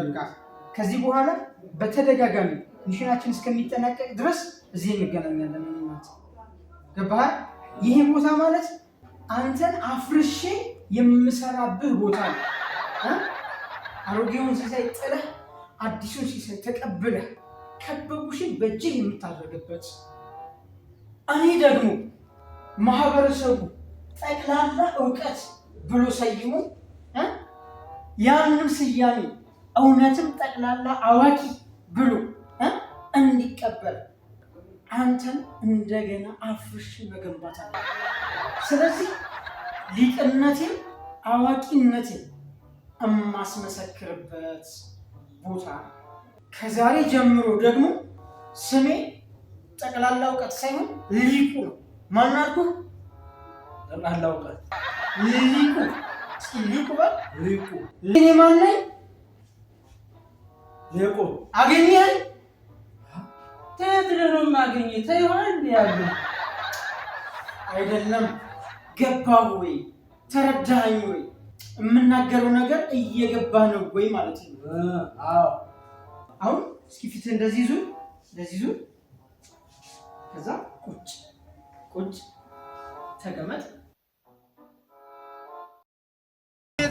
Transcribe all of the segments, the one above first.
በቃ ከዚህ በኋላ በተደጋጋሚ ሚሽናችን እስከሚጠናቀቅ ድረስ እዚህ እንገናኛለን። ገባህ? ይሄ ቦታ ማለት አንተን አፍርሼ የምሰራብህ ቦታ ነው። አሮጌውን ሲሳይ ጥለህ አዲሱን ሲሳይ ተቀብለህ ከበቡሽን በእጅህ የምታደርግበት እኔ ደግሞ ማህበረሰቡ ጠቅላላ እውቀት ብሎ ሰይሞ ያንም ስያሜ እውነትም ጠቅላላ አዋቂ ብሎ እንዲቀበል አንተን እንደገና አፍርሽ መገንባት አለ። ስለዚህ ሊቅነቴን አዋቂነቴን የማስመሰክርበት ቦታ ከዛሬ ጀምሮ ደግሞ ስሜ ጠቅላላ እውቀት ሳይሆን ሊቁ ነው። ማናልኩ ጠቅላላ እውቀት ሊቁ እኔ ማን ነኝ? አይደለም። ገባህ ወይ? ተረዳኸኝ ወይ? የምናገረው ነገር እየገባ ነው ወይ ማለት ነው። አሁን እስኪ ፊትህ እንደዚህ ይዙ፣ እንደዚህ ይዙ። ከዛ ቁጭ ቁጭ፣ ተቀመጥ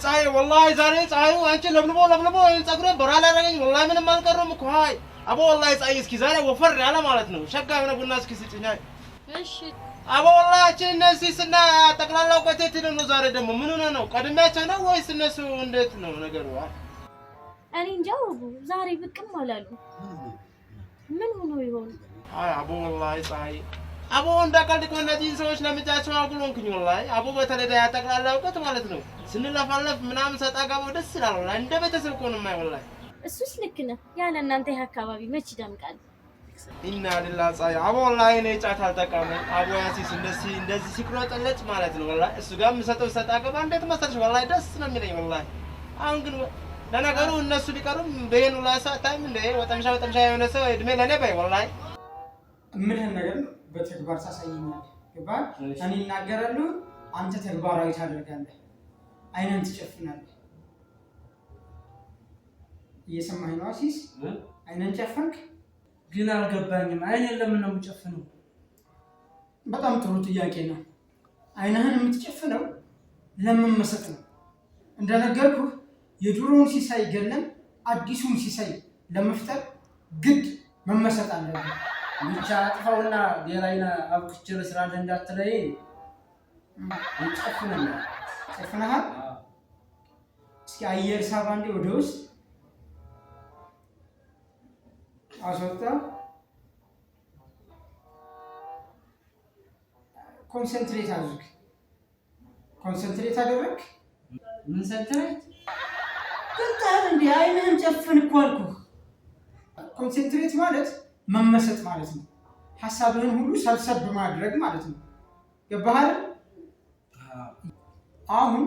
ፀሐይ ወላሂ ዛሬ ፀሐዩ አንቺ ለምልሞ ለምልሞ ፀጉሬን በራ ላይ አደረገኝ። ወላሂ ምንም አልቀረም እኮ ሀይ አቦ ወላሂ ፀሐይ እስኪ ዛሬ ወፈር ያለ ማለት ነው ሸጋ የሆነ ቡና እስኪ ስጭኝ። እሺ አቦ ወላሂ አንቺ እነዚህ ስና ጠቅላላ እውቀቴ ነው። ዛሬ ደግሞ ምን ሆነ ነው ቀድሚያቸው ነው ወይስ እነሱ እንዴት ነው ነገሩ? እኔ እንጃ ዛሬ ብቅም አላሉ ምን ሆኖ ይሆን? አይ አቦ ወላሂ ፀሐይ አቦ እንዳቀልድ እኮ እነዚህን ሰዎች ለምጃቸው አጉሎንክኝ ላይ አቦ በተለይ ያ እውቀት ማለት ነው ስንለፋለፍ ምናምን ሰጣ ገባው ደስ ይላል። ላይ እንደ ቤተሰብ እኮ ነው የማይሆን ላይ እሱስ ልክ ነህ። ያለ እናንተ ይህ አካባቢ መች ይደምቃል። ኢና ሌላ ፀሐይ አቦ ላይ ነው የጫት አልጠቀመ አቦ ያሲስ እንደዚህ እንደዚህ ሲቅሎጠለጭ ማለት ነው ላይ እሱ ጋር የምሰጠው ሰጣ ገባ እንዴት መሰለሽ ወላሂ ደስ ነው የሚለኝ ወላሂ። አሁን ግን ለነገሩ እነሱ ቢቀሩም በይኑ ላይ ሰዓት ታይም እንደ ወጠምሻ ወጠምሻ የሆነ ሰው እድሜ ለእኔ በይ ወላሂ እምልህን ነገር ነው በተግባር ታሳየኛለህ። ገባህ? እኔ እናገራለሁ፣ አንተ ተግባራዊ ታደርጋለህ። አይነን ትጨፍናለህ። እየሰማኝ ነው አሲስ? አይነን ጨፈንክ? ግን አልገባኝም። አይነን ለምን ነው የምጨፍነው? በጣም ጥሩ ጥያቄ ነው። አይነህን የምትጨፍነው ለመመሰጥ ነው። እንደነገርኩህ የድሮውን ሲሳይ ገለን አዲሱን ሲሳይ ለመፍጠር ግድ መመሰጥ አለብን። ብቻ አጥፋውና ሌላይና አብክቼ ልስራለህ እንዳትለይ ይጨፍንና ጨፍነሃል። እስኪ አየር ሳብ አንዴ ወደ ውስጥ አስወጣ። ኮንሰንትሬት አድርግ። ኮንሰንትሬት አደረግ። ምን ሰንትሬት ቅጣል እንዲ አይንህን ጨፍን እኮ አልኩህ። ኮንሰንትሬት ማለት መመሰጥ ማለት ነው። ሀሳብህን ሁሉ ሰብሰብ ማድረግ ማለት ነው። ገባህ? አሁን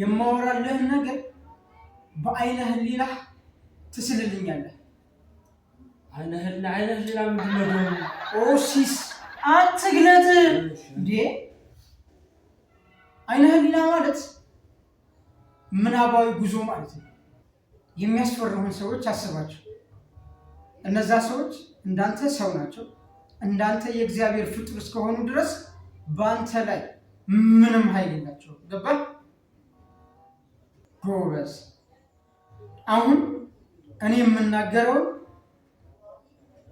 የማወራለህ ነገር በአይነ ህሊና ትስልልኛለህ። አይነ ህሊና አይነ ህሊና ምንድን ኦሲስ አትግለት እንዴ! አይነ ህሊና ማለት ምናባዊ ጉዞ ማለት ነው። የሚያስፈርሙን ሰዎች አስባቸው። እነዛ ሰዎች እንዳንተ ሰው ናቸው። እንዳንተ የእግዚአብሔር ፍጡር እስከሆኑ ድረስ በአንተ ላይ ምንም ኃይል የላቸው። ገባ ጎበዝ። አሁን እኔ የምናገረውን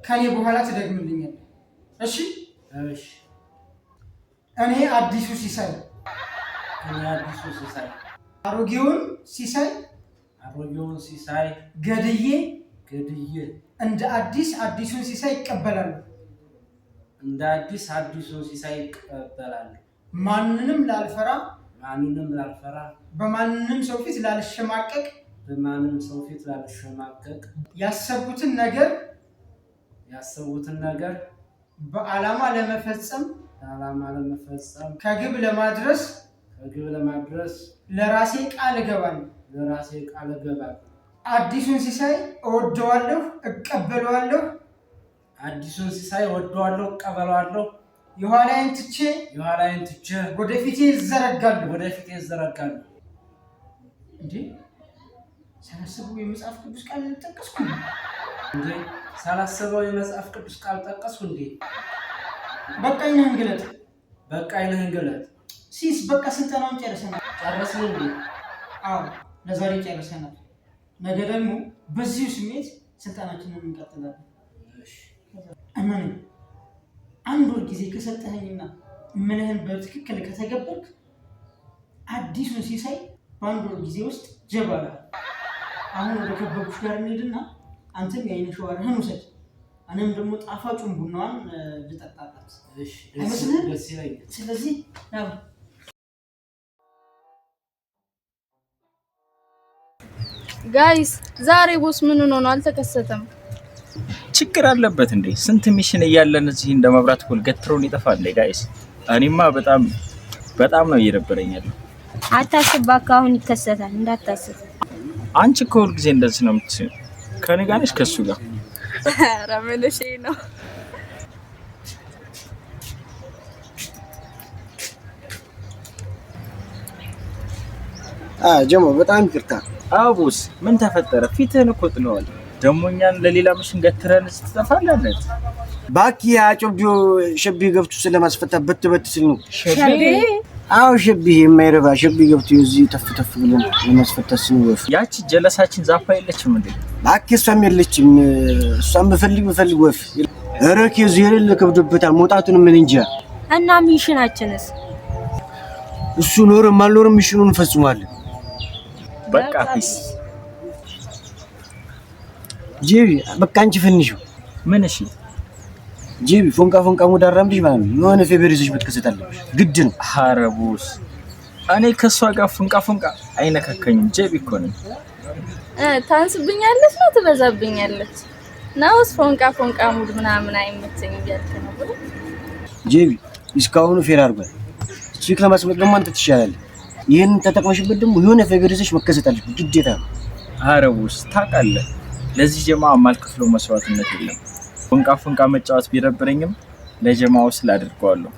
ከኔ በኋላ ትደግምልኛል። እሺ እኔ አዲሱ ሲሳይ አዲሱ ሲሳይ አሮጌውን ሲሳይ አሮጌውን ሲሳይ ገድዬ ገድዬ እንደ አዲስ አዲሱን ሲሳይ ይቀበላሉ። እንደ አዲስ አዲሱን ሲሳይ ይቀበላሉ። ማንንም ላልፈራ ማንንም ላልፈራ በማንንም ሰው ፊት ላልሸማቀቅ በማንም ሰው ፊት ላልሸማቀቅ ያሰቡትን ነገር ያሰቡትን ነገር በዓላማ ለመፈጸም በዓላማ ለመፈጸም ከግብ ለማድረስ ከግብ ለማድረስ ለራሴ ቃል እገባለሁ ለራሴ ቃል እገባለሁ። አዲሱን ሲሳይ እወደዋለሁ፣ እቀበለዋለሁ። አዲሱን ሲሳይ እወደዋለሁ፣ እቀበለዋለሁ። የኋላዬን ትቼ የኋላዬን ትቼ ወደፊቴ ይዘረጋሉ፣ ወደፊቴ ይዘረጋሉ። እንዴ ሳላስበው የመጽሐፍ ቅዱስ ቃል ጠቀስኩ እንዴ! ሳላስበው የመጽሐፍ ቅዱስ ቃል ጠቀስኩ እንዴ! በቃ ይህን ግለጥ፣ በቃ ይህን ግለጥ። ሲስ በቃ ስልጠናውን ጨርሰናል። ጨረስን እንዴ? አዎ ለዛሬ ጨርሰናል። ነገ ደግሞ በዚሁ ስሜት ስልጣናችንን እንቀጥላለን። እመን አንድ ወር ጊዜ ከሰጠኸኝና ምንህን በትክክል ከተገበርክ አዲሱን ሲሳይ በአንድ ወር ጊዜ ውስጥ ጀባላ። አሁን ወደ ከበብኩሽ ጋር እንሄድና አንተም የአይነ ሸዋርህን ውሰድ፣ እኔም ደግሞ ጣፋጩን ቡናዋን ልጠጣላት አይመስልህም? ስለዚህ ጋይስ ዛሬ ቦስ ምን ሆኖ ነው አልተከሰተም? ችግር አለበት እንዴ? ስንት ሚሽን እያለን እዚህ እንደ መብራት ኮል ገትሮን ይጠፋል እንዴ? ጋይስ እኔማ በጣም በጣም ነው እየደበረኝ ያለው። አታስብ እባክህ፣ አሁን ይከሰታል እንዳታስብ። አንቺ እኮ ሁልጊዜ እንደዚህ ነው የምትይው። ከእኔ ጋር ነሽ ከእሱ ጋር ኧረ ምን ነው ጀሞ በጣም ይቅርታ አቡስ ምን ተፈጠረ? ፊትህን እኮ ጥለዋል። ደግሞ እኛን ለሌላ ምሽን ገትረን ስትጠፋላለት ባኪ ያ ጮቢ ሸቢ ገብቶ በትበት ስል ነው። አዎ ሸቢ የማይረባ ሸቢ ገብቶ የዚህ ተፍተፍ ብለን ለማስፈታ ስንወፍ ያቺ ጀለሳችን ዛፋ የለችም እንዴ? ባኪ እሷም የለችም። እሷም ብፈልግ ብፈልግ ወፍ ረክ የዚህ የሌለ ከብዶበታል። መውጣቱን ምን እንጃ እና ሚሽናችንስ እሱ ኖርም አልኖርም ሚሽኑን እንፈጽማለን። በቃ ፒስ። ጂቢ በቃ አንቺ ፈንሽው ምን? እሺ ጂቢ ፎንቃ ፎንቃ ሙድ አራምድሽ ማለት ነው። የሆነ ፌቨር ይዘሽ መትከሰት አለብሽ ግድ ነው። እኔ ከእሷ ጋር ፎንቃ ፎንቃ አይነካከኝም። ጂቢ እኮ ነኝ። ታንስብኛለች ነው ትበዛብኛለች። ፎንቃ ፎንቃ ሙድ ምናምን አይመቸኝ እያልክ ነው ጂቢ እስካሁኑ ፌር አድርጓል። እቺ ከማስመጥ ደግሞ አንተ ትሻላለህ ይህን ተጠቅመሽበት ደግሞ የሆነ ነገር ይዘሽ መከሰት አለብሽ ግዴታ ነው። አረቡስ ታውቃለህ፣ ለዚህ ጀማ የማልከፍለው መስዋዕትነት የለም። ፎንቃ ፎንቃ መጫወት ቢደብረኝም ለጀማው ስል አድርገዋለሁ።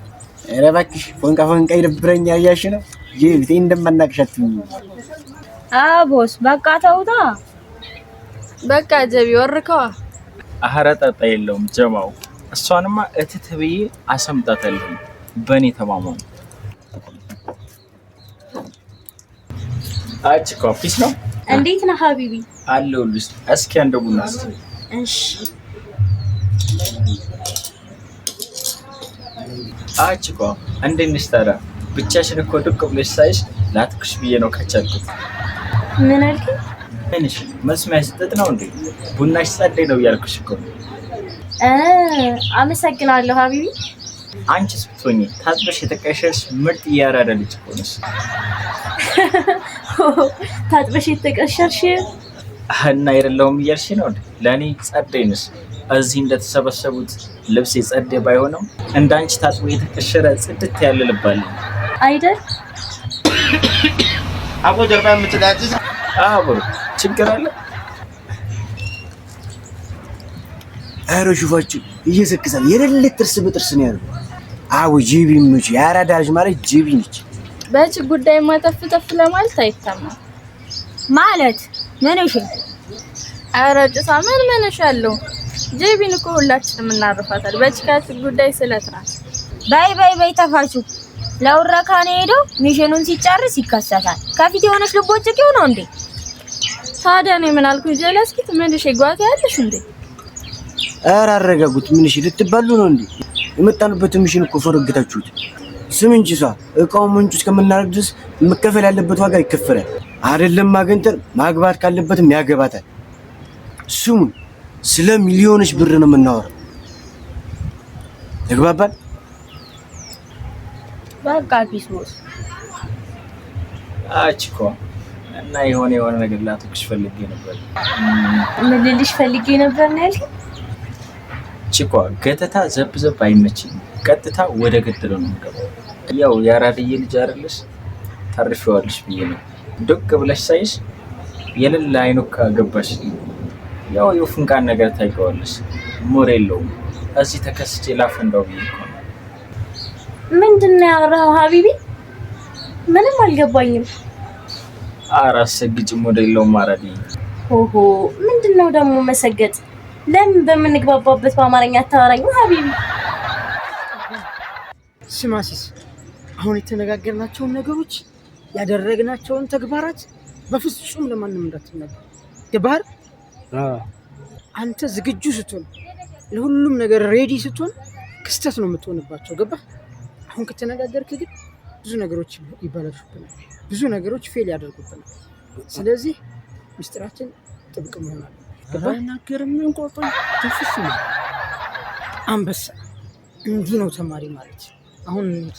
ኧረ እባክሽ ፎንቃ ፎንቃ ይደብረኛ እያልሽ ነው? ይህ ቤቴ እንደማናቅሻት አቦስ በቃ ተውታ። በቃ ጀቢ ወርከዋ አህረ ጠጣ የለውም ጀማው። እሷንማ እትትብዬ አሰምጣታለሁ። በእኔ ተማመኑ። አች ኮፊስ ነው። እንዴት ነህ ሀቢቢ? አለሁልሽ። እስኪ አንድ ቡና እስኪ። እሺ። አች ኮ እንዴት ነሽ ታዲያ? ብቻሽን እኮ ድቅ ብለሽ ሳይሽ ላትኩሽ ብዬ ነው ከቻልኩት። ምን አልከኝ? ምንሽ መስሚያ ስጠጥ ነው እንዴ? ቡናሽ ጸደይ ነው እያልኩሽ እኮ። አመሰግናለሁ ሀቢቢ። አንቺስ ብትሆኚ ታጥበሽ የተቀሸሽ ምርጥ እያራዳ ልጅ እኮ ነሽ። ታጥበሽ የተቀሸርሽ እና አይደለሁም እያልሽ ነው። ለእኔ ጸደ እዚህ እንደተሰበሰቡት ልብስ የጸደ ባይሆነው እንዳንቺ ታጥቦ የተቀሸረ ጽድት ያለ ልባለ አይደል? አቦ ጀርባ የምትዳጭ አቦ ችግር አለ። አረ ሹፋችን እየሰክሳል የሌለ ጥርስ በጥርስ ነው ያለው። አቦ ጅቢ ምጭ የአራዳ ማለት ጅቢ ነች። በጭ ጉዳይ ማጠፍ ጠፍ ለማለት አይታማም ማለት ምን እሺ? ኧረ ጭሳ ምን እሺ አለው። ጄቢን እኮ ሁላችንም እናርፋታል። በጭካት ጉዳይ ስለትራስ ባይ ባይ ባይ ተፋችሁ ለውረካኔ ሄዶ ሚሽኑን ሲጨርስ ይከሰታል። ከፊት የሆነች ልቦጭቅ ነው እንዴ? ታዲያ ነው ምን አልኩ? ጀለስኪት እሺ? ጓት ያለሽ እንዴ? ኧረ አረጋጉት። እሺ? ልትባሉ ነው እንዴ? የመጣንበት ሚሽን እኮ ፈረግታችሁት ስም እንጂ እሷ እቃውን ምንጩ እስከምናደርግ ድረስ መከፈል ያለበት ዋጋ ይከፈላል። አይደለም ማገንጠር ማግባት ካለበትም ያገባታል። ስሙን ስለ ሚሊዮኖች ብር ነው የምናወራ። ተግባባል? በቃ ቢስሞስ አችኮ እና የሆነ የሆነ ነገር ላትክሽ ፈልጌ ነበር። ምልልሽ ፈልጌ ነበር ነው ያልሽኝ? ችኮ ገተታ ዘብ ዘብ አይመችኝም ቀጥታ ወደ ገደለው ነው የምገባው። ያው የአራድዬ ልጅ አይደለሽ ታርፊዋለሽ ብዬ ነው ዶቅ ብለሽ ሳይሽ የሌለ አይኖ ካገባሽ ያው የፍንቃን ነገር ታይቀዋለሽ። ሞር የለውም። እዚህ ተከስቼ ላፈንዳው ብዬ ነው። ምንድን ነው ያወራኸው ሀቢቢ? ምንም አልገባኝም። ኧረ አሰግጭም ወደ የለውም አራድዬ። ኦሆ ምንድን ነው ደግሞ መሰገጥ? ለምን በምንግባባበት በአማርኛ አታወራኝም ሀቢቢ? ስማሲስ አሁን የተነጋገርናቸውን ነገሮች ያደረግናቸውን ተግባራት በፍጹም ለማንም እንዳትነገር። ገባህ? አንተ ዝግጁ ስትሆን ለሁሉም ነገር ሬዲ ስትሆን ክስተት ነው የምትሆንባቸው። ገባህ? አሁን ከተነጋገርክ ግን ብዙ ነገሮች ይበላሹብናል፣ ብዙ ነገሮች ፌል ያደርጉብናል። ስለዚህ ምስጢራችን ጥብቅ መሆን አለበት። አንበሳ እንዲህ ነው ተማሪ ማለት አሁን እንሂድ።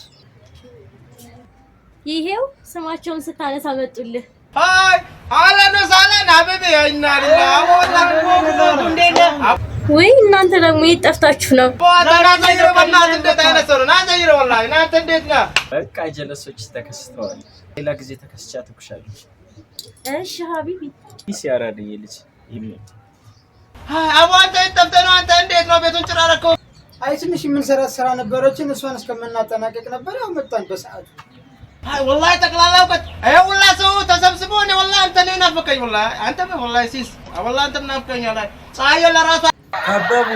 ይሄው ስማቸውን ስታነሳ መጡልህ። አይ አለነሳ አለን አበበ ያይናል ወይ እናንተ ደግሞ የት ጠፍታችሁ ነው? በቃ ጀለሶች ተከስተዋል። ሌላ ጊዜ ተከስቻ ትኩሻለች። እሺ ሀቢቢ ይስ ያራደየ ልጅ ይመጣ አቦ አንተ የት ጠፍተህ ነው? አንተ እንዴት ነው ቤቱን ጭራረከው? አይ ትንሽ የምንሰራት ስራ ነበረችን። እሷን እስከምናጠናቀቅ ነበር ያው መጣን በሰዓቱ። አይ ወላሂ ጠቅላላ እውቀት አይ ወላሂ ሰው ተሰብስቦ ነው ወላሂ አንተ ነው ናፈቀኝ። ወላሂ አንተ ነው ወላሂ ሲስ አይ ወላሂ አንተ ናፈቀኝ። አይ ፀሐይ ለራሷ ከበቡ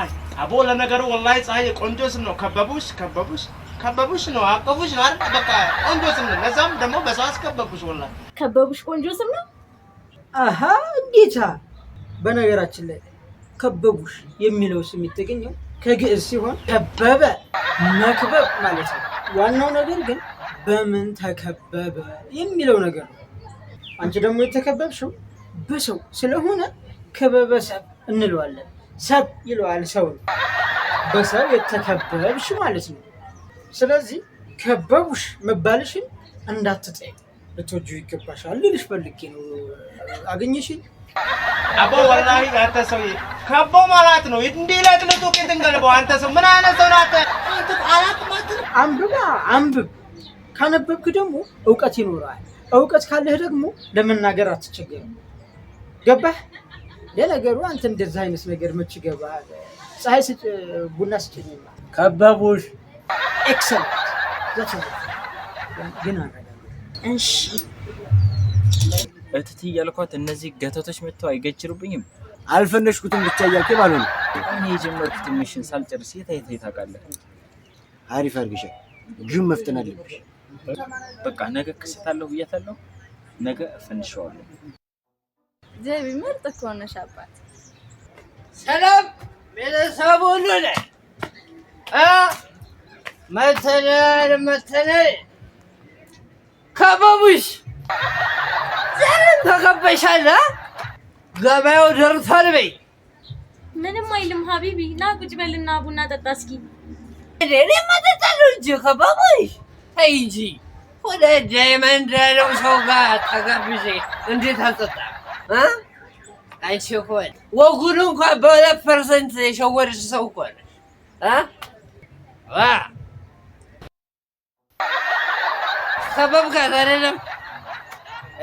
አይ አቦ ለነገሩ ወላሂ ፀሐይ ቆንጆ ስም ነው። ከበቡሽ ከበቡሽ ከበቡሽ ነው አቀፉሽ ነው አይደል? በቃ ቆንጆ ስም ነው። ለዛም ደግሞ በሰዓት ከበቡሽ ወላሂ ከበቡሽ ቆንጆ ስም ነው። አሃ እንዴታ በነገራችን ላይ ከበቡሽ የሚለው ስም የተገኘው ከግዕዝ ሲሆን ከበበ መክበብ ማለት ነው። ዋናው ነገር ግን በምን ተከበበ የሚለው ነገር ነው። አንቺ ደግሞ የተከበብሽው በሰው ስለሆነ ከበበ ሰብ እንለዋለን። ሰብ ይለዋል ሰው በሰብ የተከበብሽ ማለት ነው። ስለዚህ ከበቡሽ መባልሽን እንዳትጠይቅ ልትወጂው ይገባሻል ልልሽ ፈልጌ ነው። አገኘሽኝ? አቦ ወላሂ አንተ ሰውዬ ከቦ ማለት ነው እንዲህ ለቅልጡ ቂጥ እንገልበው። አንተ ሰው ምን አይነት ሰው ናት? አንብብ አንብብ። ካነበብክ ደግሞ እውቀት ይኖራል እውቀት ካለህ ደግሞ ለመናገር አትቸገርም። ገባህ? ለነገሩ አንተ እንደዚህ አይነት ነገር መች ገባ ፀሐይ ስጭ፣ ቡና ስጭኝ። ከበቡሽ። ኤክሰለንት ግን አረጋ እሺ እትት እያልኳት እነዚህ ገተቶች መጥተው አይገችሩብኝም? አልፈነሽኩትም ብቻ እያልክ ባሉ እኔ የጀመርኩትን ሚሽን ሳልጨርስ የታየት የት ታውቃለህ? አሪፍ አርግሻ ግን መፍጠን አለብሽ። በቃ ነገ ክስታለሁ ብያታለሁ። ነገ እፈንሸዋለሁ። ዘቢ ምርጥ እኮ ነሽ አባት። ሰላም ቤተሰብ ሁሉ ነ መተናል መተናል ከበቡሽ ተቀበሻለ ገበያው ደርሷል በይ። ምንም አይልም ሀቢቢ ና ቁጭ በልና ቡና ጠጣ እስኪ። እኔ ማጠጣለሁ እንጂ ከባቦሽ ተይ እንጂ ወደ ዳይመንድ ያለው ሰው ጋር ተጋብዤ እንዴት አልጠጣ አንቺ እኮ ወጉን እንኳን በሁለት ፐርሰንት የሸወደች ሰው እኮ ነሽ ጋር አይደለም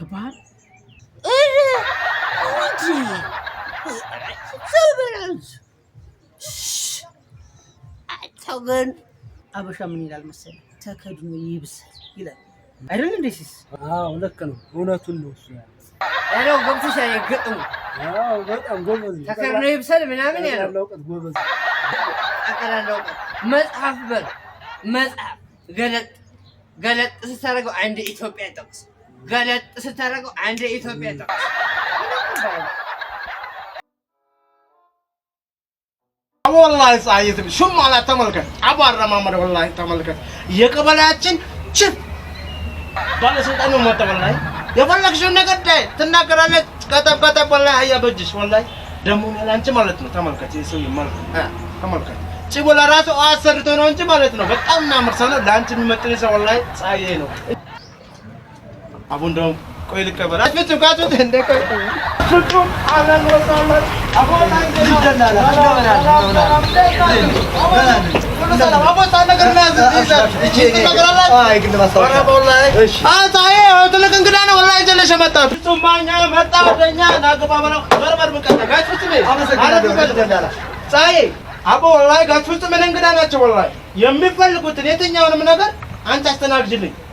ገባል ግን አበሻ ምን ይላል መሰለኝ፣ ተከድኖ ይብሰል ይላል አይደል? እንደ ሲስ ልክ ነው፣ እውነቱን ነው እሱ ያለው። ገብቶሻ የገጥሙ ተከድኖ ይብሰል ምናምን ያለው አቀላለው መጽሐፍ በል መጽሐፍ ገለጥ ገለጥ ስታደርገው አንድ ኢትዮጵያ ጠቅስ ገለጥ ስታደርገው አንድ ኢትዮጵያ ወላሂ ፀሐይ ትንሽ ሹም አላት። ተመልከት አቧራ ማመድ ወላሂ ተመልከት። የቀበሌያችን ችፍ ባለስልጣን ነው። ሞተ ወላሂ የፈለግሽውን ነገር ዳይ ትናገራለች። ቀጠቀጠ ወላሂ አህያ በእጅሽ ወላሂ ደግሞ ላንቺ ማለት ነው። ተመልከት የሰው ይመልክ ተመልከት። ጭቦ ለራሱ አሰርቶ ነው እንጂ ማለት ነው። በጣም እናምር ሰው ነው። ለአንቺ የሚመጥን ሰው ወላሂ ፀሐይ ነው። አቡ እንደውም ቆይ ልቀበል። አትፍጹም ካቱት እንደ ቆይ ፍጹም አላን ትልቅ እንግዳ ነው። ወላሂ ጀለሽ መጣ አቦ ወላሂ ጋሽ ፍጹም እንግዳ ናቸው። ወላሂ የሚፈልጉትን የትኛውንም ነገር አንቺ አስተናግጅልኝ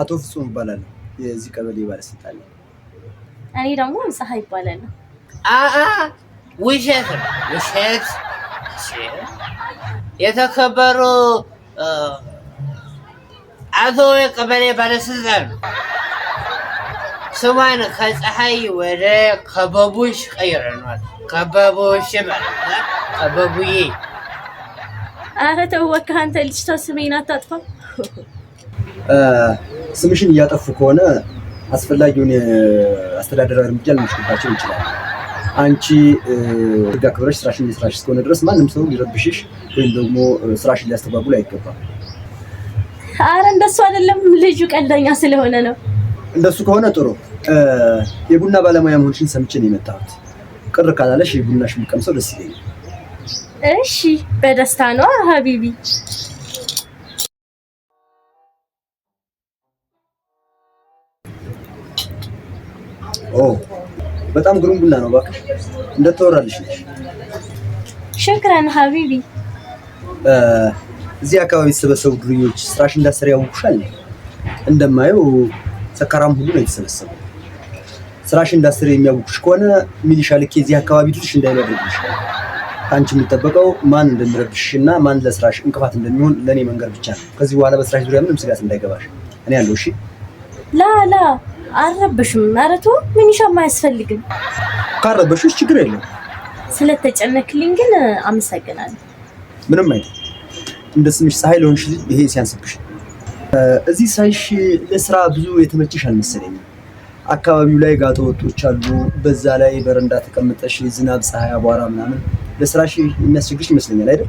አቶ ፍጹም ይባላል የዚህ ቀበሌ ባለስልጣን እኔ ደግሞ ንጽሀ ይባላል። ውሸት ውሸት። የተከበሩ አቶ የቀበሌ ባለስልጣን ስሟን ከፀሐይ ወደ ከበቡሽ ቀይረኗል። ከበቡሽ ከበቡዬ። ኧረ ተወካ አንተ ልጅቷ ስሜን አታጥፋ። ስምሽን እያጠፉ ከሆነ አስፈላጊውን አስተዳደራዊ እርምጃ ልንወስድባቸው ይችላል። አንቺ ህግ አክብረሽ ስራሽን ስራሽ እስከሆነ ድረስ ማንም ሰው ሊረብሽሽ ወይም ደግሞ ስራሽን ሊያስተጓጉል አይገባም። አረ እንደሱ አይደለም፣ ልጁ ቀልደኛ ስለሆነ ነው። እንደሱ ከሆነ ጥሩ። የቡና ባለሙያ መሆንሽን ሰምቼ ነው የመጣሁት። ቅር ካላለሽ ቡናሽ የሚቀምሰው ደስ ይለኛል። እሺ፣ በደስታ ነው ሀቢቢ ኦ በጣም ግሩም ቡላ ነው። እባክሽ እንደተወራልሽ ነሽ። ሸክረን ሀቢቢ። እዚህ አካባቢ የተሰበሰቡ ዱርዬዎች ስራሽ እንዳሰሪ ያውቁሻል። እንደማየው ሰካራም ሁሉ ነው የተሰበሰቡ። ስራሽ እንዳሰሪ የሚያውቁሽ ከሆነ ሚሊሻ ልኬ እዚህ አካባቢ ድልሽ እንዳይመድርብሽ። ከአንቺ የሚጠበቀው ማን እንደሚረብሽ እና ማን ለስራሽ እንቅፋት እንደሚሆን ለእኔ መንገር ብቻ ነው። ከዚህ በኋላ በስራሽ ዙሪያ ምንም ስጋት እንዳይገባሽ እኔ ያለው። እሺ ላ ላ አረበሽም ማለቱ ምንሻም አያስፈልግም። ካረበሽሽ ችግር የለም። ስለተጨነክልኝ ግን አመሰግናለሁ። ምንም አይደል። እንደ ስምሽ ፀሐይ ለሆንሽ ይሄ ሲያንስብሽ እዚህ ሳይሽ ለስራ ብዙ የተመቸሽ አልመሰለኝም። አካባቢው ላይ ጋጠ ወጦች አሉ። በዛ ላይ በረንዳ ተቀምጠሽ ዝናብ፣ ፀሐይ፣ አቧራ ምናምን ለስራሽ የሚያስቸግርሽ ይመስለኛል አይደል?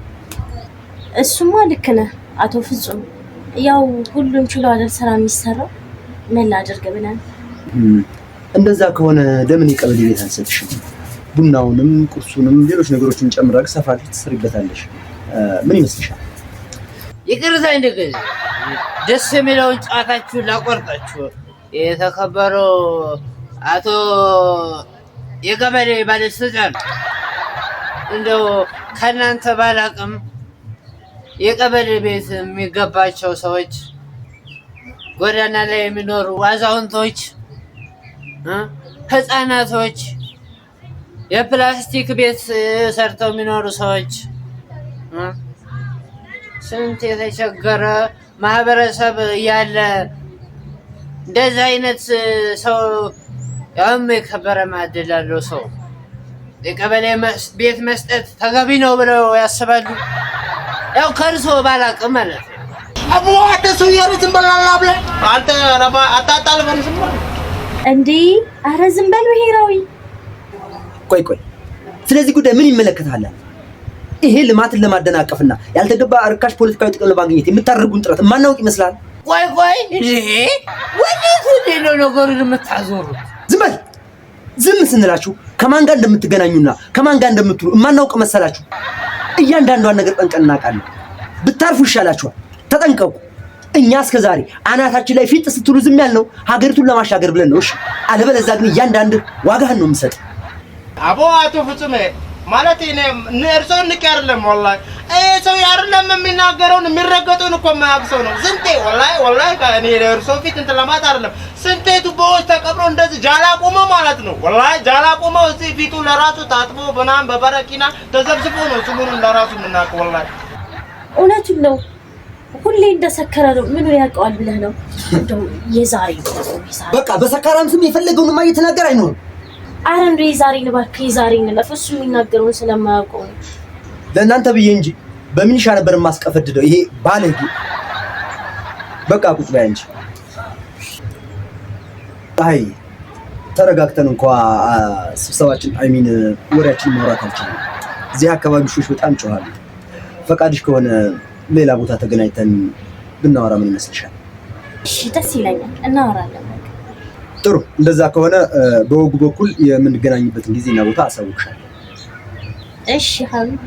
እሱማ ልክ ነህ አቶ ፍጹም። ያው ሁሉም ችሎ አይደል ስራ የሚሰራው ምን ላድርግ ብለን እንደዛ ከሆነ ለምን የቀበሌ ቤት አንሰጥሽም? ቡናውንም ቁርሱንም ሌሎች ነገሮችን ጨምራ ሰፋ ትስሪበታለሽ። ምን ይመስልሻል? ይቅርታ እንደገ ደስ የሚለውን ጨዋታችሁን ላቆርጣችሁ። የተከበረው አቶ የቀበሌ ባለስልጣን፣ እንደው ከእናንተ ባላቅም የቀበሌ ቤት የሚገባቸው ሰዎች ጎዳና ላይ የሚኖሩ አዛውንቶች፣ ህፃናቶች፣ የፕላስቲክ ቤት ሰርተው የሚኖሩ ሰዎች፣ ስንት የተቸገረ ማህበረሰብ ያለ እንደዚህ አይነት ሰው ያውም የከበረ ማዕድል ያለው ሰው የቀበሌ ቤት መስጠት ተገቢ ነው ብለው ያስባሉ። ያው ከእርሶ ባላቅም ማለት ነው። እንዴ አረ ዝም በል ብሔራዊ። ቆይ ቆይ፣ ስለዚህ ጉዳይ ምን ይመለከታል? ይሄ ልማትን ለማደናቀፍና ያልተገባ ርካሽ ፖለቲካዊ ጥቅም ለማግኘት የምታደርጉን ጥረት የማናውቅ ይመስላል። ቆይ ቆይ፣ ወዴት ነው ነገሩን የምታዞሩት? ዝም በል። ዝም ስንላችሁ ከማን ጋር እንደምትገናኙና ከማን ጋር እንደምትሉ የማናውቅ መሰላችሁ? እያንዳንዷን ነገር ጠንቀን እናውቃለን። ብታርፉ ይሻላችኋል። ተጠንቀቁ። እኛ እስከ ዛሬ አናታችን ላይ ፊጥ ስትሉ ዝም ያልነው ሀገሪቱን ለማሻገር ብለን ነው። እሺ፣ አለበለዚያ ግን እያንዳንድ ዋጋህን ነው የምሰጥ። አቦ አቶ ፍጹሜ ማለት እርሶ ንቅ አይደለም። ወላሂ ይሄ ሰው አይደለም የሚናገረውን የሚረገጠውን እኮ የማያውቅ ሰው ነው። ስንቴ ወላሂ ወላሂ እኔ እርሶ ፊት እንትን ለማለት አይደለም፣ ስንቴ ቱቦዎች ተቀብሮ እንደዚህ ጃላ ቆመ ማለት ነው። ወላሂ ጃላ ቆመ እዚህ ፊቱ ለራሱ ታጥቦ ምናምን በበረኪና ተዘብዝቦ ነው ስሙን ለራሱ የምናውቅ ወላሂ እውነቱን ነው። ሁሌ እንደሰከረ ነው። ምኑ ያውቀዋል ብለህ ነው? የዛሬ በቃ በሰካራም ስም የፈለገውን ማ እየተናገር አይኖርም። አረ እንደ የዛሬ ንባክ የዛሬ ንለፍ። እሱ የሚናገረውን ስለማያውቀው ነው። ለእናንተ ብዬ እንጂ በሚኒሻ ነበር የማስቀፈድደው። ይሄ ባለጌ በቃ ቁጭ በይ እንጂ። አይ ተረጋግተን እንኳ ስብሰባችን አይሚን ወሬያችን ማውራት አልቻለም። እዚህ አካባቢ ሾች በጣም ጮኋሉ። ፈቃድሽ ከሆነ ሌላ ቦታ ተገናኝተን ብናወራ ምን ይመስልሻል? እሺ፣ ደስ ይለኛል። እናወራለን። ጥሩ። እንደዛ ከሆነ በወጉ በኩል የምንገናኝበትን ጊዜና ቦታ አሳውቅሻለሁ። እሺ ሀቢብ።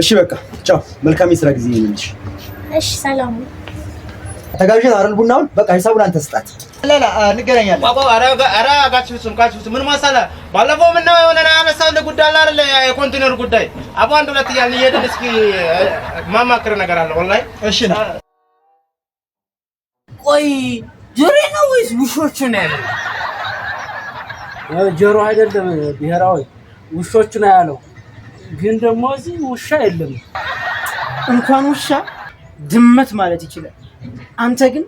እሺ፣ በቃ ቻው። መልካም የስራ ጊዜ ይሁንልሽ። እሺ፣ ሰላም ተጋብዣት አይደል? ቡናውን በቃ ሂሳቡን አንተ ስጣት። ላላ እንገናኛለን። ኧረ አጋችሁትም ቃችሁት ምን መሰለህ፣ ባለፈው ምነው የሆነ ያነሳሁልህ ጉዳይ አለ አይደለ? የኮንቲነር ጉዳይ አቦ አንድ ሁለት እያልን እየሄድን እስኪ ማማክር ነገር አለ ወላሂ። እሺ ነው። ቆይ ጆሮ ነው ወይስ ውሾቹ ነው ያለው? ጆሮ አይደለም ብሔራዊ ውሾቹ ነው ያለው። ግን ደግሞ እዚህ ውሻ የለም። እንኳን ውሻ ድመት ማለት ይችላል። አንተ ግን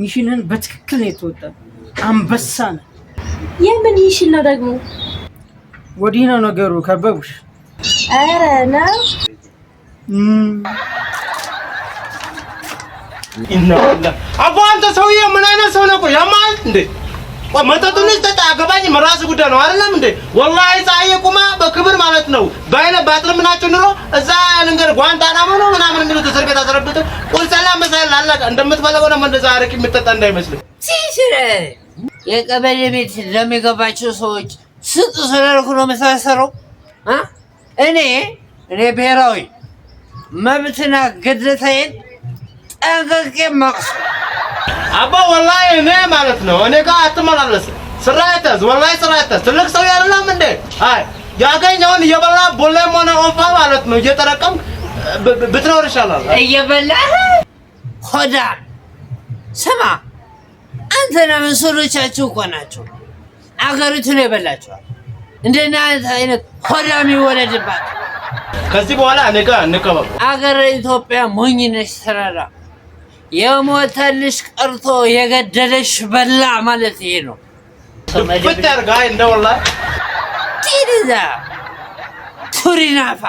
ሚሽንን በትክክል ነው የተወጣ አንበሳ ነ የምን ሚሽን ነው ደግሞ? ወዲህ ነው ነገሩ። ከበቡሽ። ኧረ ነው አቦ። አንተ ሰውዬ ምን አይነት ሰው ነው? ቆይ ያማል እንዴ! መጠጡን ጠጣ፣ አገባኝ ራስ ጉዳይ ነው አይደለም እንዴ? ወላሂ ፀሐዬ ቁማ በክብር ማለት ነው በአይነ ባጥልም ናቸው ኑሮ እዛ ነገር ጓንታናሞ ነው ምናምን የሚሉት እስር ቤት አስረብጥ ቁል መሳል አላቀ እንደምትፈለገው ነው እንደዛ አረቂ የምጠጣ እንዳይመስልህ። ሲሽረ የቀበሌ ቤት ለሚገባቸው ሰዎች ስጡ ስላልኩ ነው መሳሰረው እኔ እኔ ብሔራዊ መብትና ግድታዬን ጠንቅቄ መቅሱ አባ ወላሂ እኔ ማለት ነው እኔ ጋር አትመላለስ። ስራይተስ ወላሂ ስራይተስ ትልቅ ሰው ያደለም እንዴ? አይ ያገኘውን እየበላ ቦሌም ሆነ ኦፋ ማለት ነው እየጠረቀም ብትኖር ይሻላል። እየበላ ሆዳ ስማ አንተና መንሶሎቻችሁ እኮ ናቸው አገሪቱን የበላቸዋል። እንደና አይነት ሆዳ የሚወለድባት ከዚህ በኋላ እኔ ጋር እንቀበል። አገር ኢትዮጵያ ሞኝነሽ ተራራ የሞተልሽ ቀርቶ የገደለሽ በላ ማለት ይሄ ነው። ቲዛ ቱሪናፋ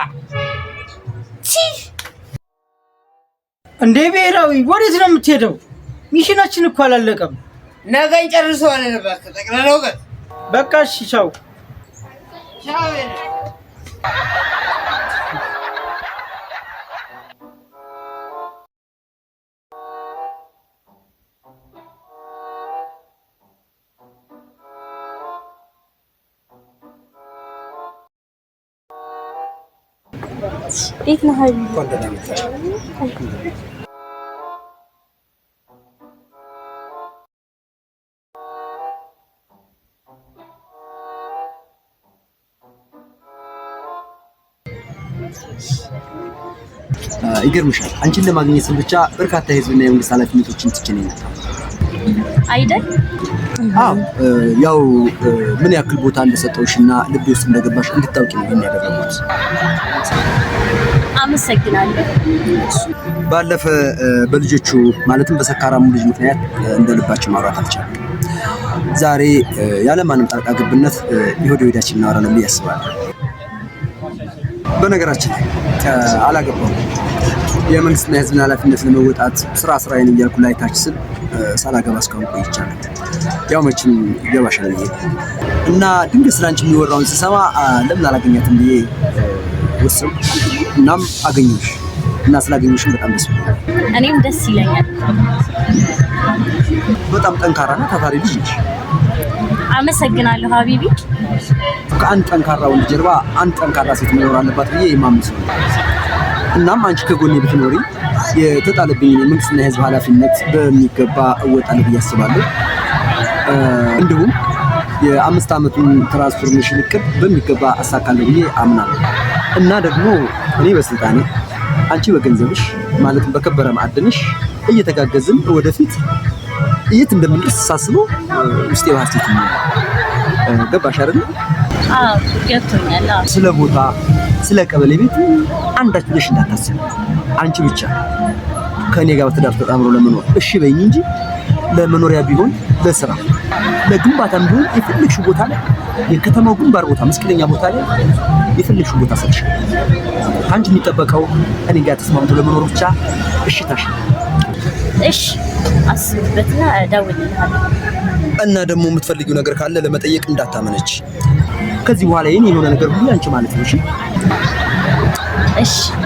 እንዴ ብሔራዊ ወዴት ነው የምትሄደው? ሚሽናችን እኮ አላለቀም። ነገ እንጨርሰዋለን። እባክህ ጠቅላላ እውቀት በቃ እሺ፣ ቻው ቻው። እንዴት ነህ? ይገርምሻል አንቺን ለማግኘት ስል ብቻ በርካታ የህዝብና የመንግስት ኃላፊነቶችን ትቼ ነው አይደል? አዎ። ያው ምን ያክል ቦታ እንደሰጠውሽ እና ልቤ ውስጥ እንደገባሽ እንድታውቂ ነው የሚያደርጉት። አመሰግናለሁ። ባለፈ በልጆቹ ማለትም በሰካራሙ ልጅ ምክንያት እንደ ልባችን ማውራት አልቻለም። ዛሬ ያለማንም ጣልቃ ግብነት ይሁድ ወዳችን እናወራለን ብዬ አስባለሁ። በነገራችን አላገባውም የመንግስትና የህዝብን ኃላፊነት ለመወጣት ስራ ስራዬን እያልኩ ላይ ታች ስል ሳላገባ እስካሁን ቆይቻለሁ። ያው መቼም ይገባሻል ብዬ እና ድንገት ስለ አንቺ የሚወራውን ስሰማ ለምን አላገኛትም ብዬ ወሰንኩ። እናም አገኘሁሽ እና ስላገኘሁሽም በጣም ደስ እኔም ደስ ይለኛል። በጣም ጠንካራና ታታሪ ልጅ ነሽ። አመሰግናለሁ ሀቢቢ። ከአንድ ጠንካራ ወንድ ጀርባ አንድ ጠንካራ ሴት መኖር አለባት ብዬ የማምስ ነው። እናም አንቺ ከጎኔ ብትኖሪ የተጣለብኝ የመንግስትና የህዝብ ኃላፊነት በሚገባ እወጣለሁ ብዬ አስባለሁ። እንዲሁም የአምስት ዓመቱን ትራንስፎርሜሽን እቅድ በሚገባ አሳካለሁ ብዬ አምናለሁ። እና ደግሞ እኔ በስልጣኔ አንቺ በገንዘብሽ ማለትም በከበረ ማዕድንሽ እየተጋገዝን ወደፊት የት እንደምንደርስ ሳስበው ውስጤ በሐሴት ገባሽ አይደል? አዎ ገብቶኛል። ስለ ቦታ ስለ ቀበሌ ቤት አንዳች ብለሽ እንዳታስቢ። አንቺ ብቻ ከእኔ ጋር በትዳር ተጣምሮ ለመኖር እሺ በይኝ እንጂ ለመኖሪያ ቢሆን ለስራ ለግንባታ ቢሆን የፈለግሽው ቦታ ላይ የከተማው ግንባር ቦታ መስቀለኛ ቦታ ላይ የፈለግሽ ቦታ ሰጥሽ። አንቺ የሚጠበቀው እኔ ጋር ተስማምቶ ለመኖር ብቻ እሽታሽ። እሺ አስብበትና እደውልልሃለሁ። እና ደግሞ የምትፈልጊው ነገር ካለ ለመጠየቅ እንዳታመነች። ከዚህ በኋላ የኔ የሆነ ነገር ሁሉ አንቺ ማለት ነው። እሺ እሺ